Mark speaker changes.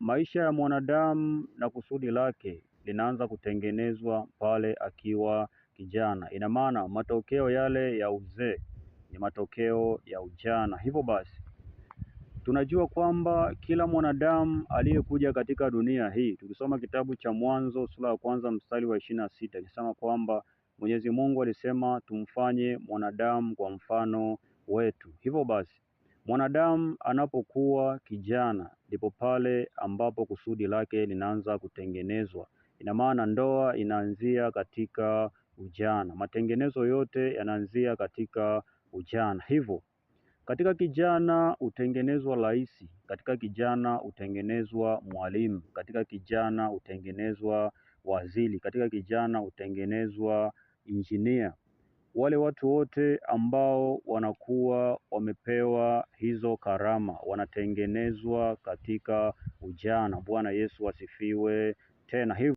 Speaker 1: Maisha ya mwanadamu na kusudi lake linaanza kutengenezwa pale akiwa kijana. Ina maana matokeo yale ya uzee ni matokeo ya ujana. Hivyo basi tunajua kwamba kila mwanadamu aliyekuja katika dunia hii, tukisoma kitabu cha Mwanzo sura ya kwanza mstari wa ishirini na sita inasema kwamba Mwenyezi Mungu alisema tumfanye mwanadamu kwa mfano wetu. Hivyo basi Mwanadamu anapokuwa kijana ndipo pale ambapo kusudi lake linaanza kutengenezwa. Ina maana ndoa inaanzia katika ujana, matengenezo yote yanaanzia katika ujana. Hivyo katika kijana hutengenezwa rais, katika kijana hutengenezwa mwalimu, katika kijana hutengenezwa waziri, katika kijana hutengenezwa injinia wale watu wote ambao wanakuwa wamepewa hizo karama wanatengenezwa katika ujana. Bwana Yesu asifiwe tena hivyo